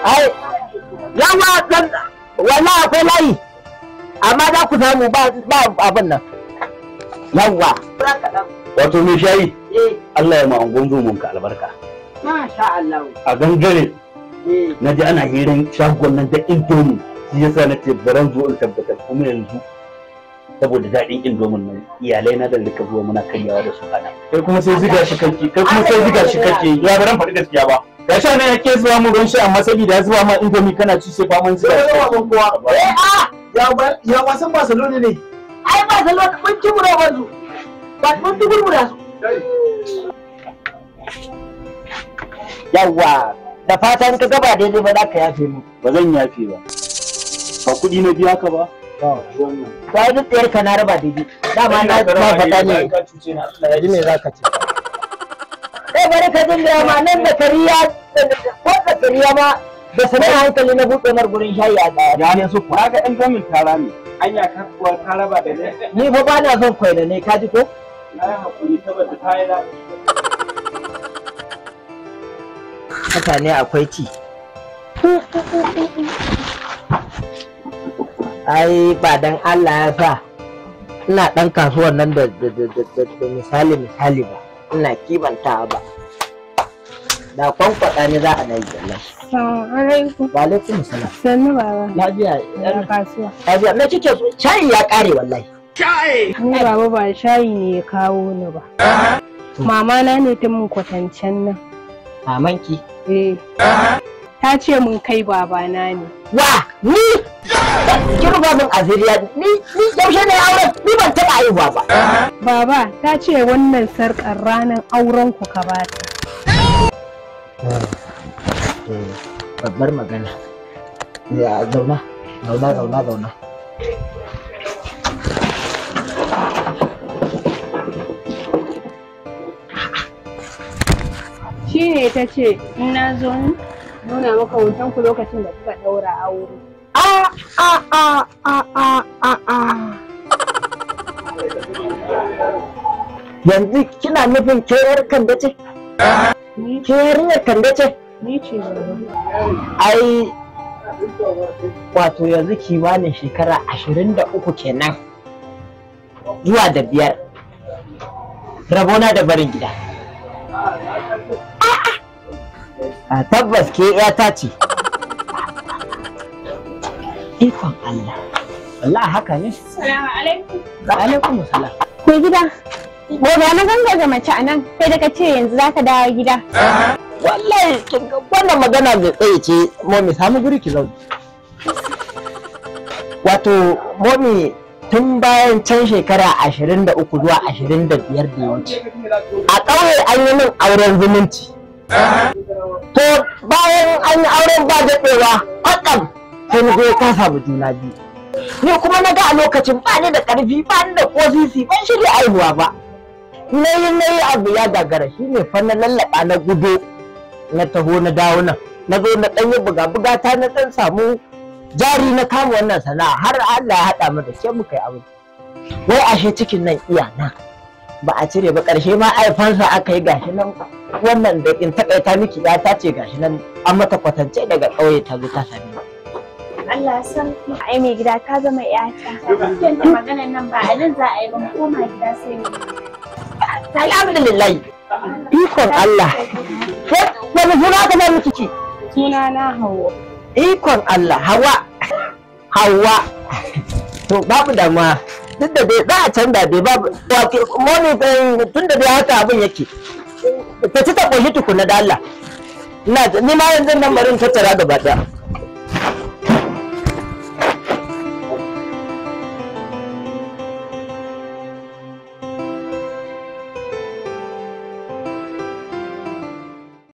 ai yawa dan wala akwai layi amma za ku samu ba abin nan yawa wato mai shayi eh. Allah ya ma'angon mun ka albarka masha Allah a gangare eh. na ji ana hirin shagon nan da indomi shi yasa na ce baran zo in tabbatar kuma yanzu saboda daɗin indomin nan iyalai na da rika zuwa muna karyawa da su kana kai kuma sai ziga shi kake kai kuma sai ziga shi kake ya baran faɗi gaskiya ba ga sha nan yake zuwa mu ruwan sha amma saboda zuwa ma indomi kana ci sai faman zuwa ya zuwa mun kuwa eh a ya wasan Barcelona ne ai Barcelona mun ci mu rawan su ba mun ci gurgura su yawa da fatan ka gaba daidai ba za ka yafe mu ba zan yafe ba ba kuɗi na biya ka ba ba duk tsayar ka na raba daidai dama na faɗa ne ji me za ka ce kai eh, bari ka jin da ma nan da kariya da kariya ma da sanar hankali na buɗe mar gurin shayi a tsaya. Ya ne su kuwa. ga ɗan gamin tara ne. Anya ka kuwa ka raba da ne. Ni fa ba na son kwaina ne ka ji ko? Na yi hakuri saboda ta yi na. Haka ne akwai ci. Ai ba dan Allah ya sa ina ɗan kasuwar nan da misali misali ba ina kimanta ba. da kwankwada ne za a na yi sallah wa alaikum salam sannu baba lafiya yar kasuwa lafiya me kike so shayi ya kare wallahi shayi ni baba ba shayi ne ya kawo ni ba mama na ne tun mun kwatancen nan mamanki eh ta ce mun kai babana ne wa ni ba mun aziriya ni ni yaushe ne auren ni ban taba yi ba baba ta ce wannan sarkar ranar auren ku ka bata babbar magana ya zauna zauna zauna zauna shi ne ta ce in na zo nuna maka hoton ku lokacin da kuka daura aure a a a a a a a yanzu kina nufin ke yar kanda ce ke yarinyar ce Ai wato yanzu kimanin shekara ashirin da uku kenan zuwa da biyar rabona da barin gida. A tabbas ke ta ce. Ikon Allah. Allah haka ne. Salamu alaikum. Wa alaikum salam. Mai gida, gobe na ganga ga mace a nan, kai da ka ce yanzu za ka dawo gida. Eh? wallahi wannan magana mai tsaye ce momi samu guri ki zauna wato momi tun bayan can shekara 23 zuwa 25 da ya wuce a ƙauye an yi min auren zumunci to bayan an yi auren ba daɗewa ƙwaƙam sai na ya kasa juna biyu ni kuma na ga a lokacin ba ni da ƙarfi ba ni da ƙosisi ban shirya aihuwa ba na yi na yi abu ya gagara shi ne fa na na gudu. na taho na dawo nan na zo na ɗan buga-buga ta na ɗan samu jari na kama wannan sana'a har Allah ya haɗa mu da ke muka yi abin wai ashe cikin nan iyana ba a cire ba ƙarshe ma aifansa aka yi gashi nan wannan da in taƙaita miki ya ta ce gashi nan an mata kwatance daga ƙauye ta zo ta sami Allah san ai mai gida ka zama iyata yanda maganar nan ba a nan za a yi ban koma gida sai mu Alhamdulillah ikon Allah Wani suna ka zai rikici? Suna na hawa Ikon Allah, Hawa. Hawa. To babu damuwa. Duk da dai za a canza dai babu. Wake, moni tun da dai haka abin yake. Ta ci ta ƙoshi tukuna da Allah. Ni ma yanzu nan barin tattara gaba ɗaya.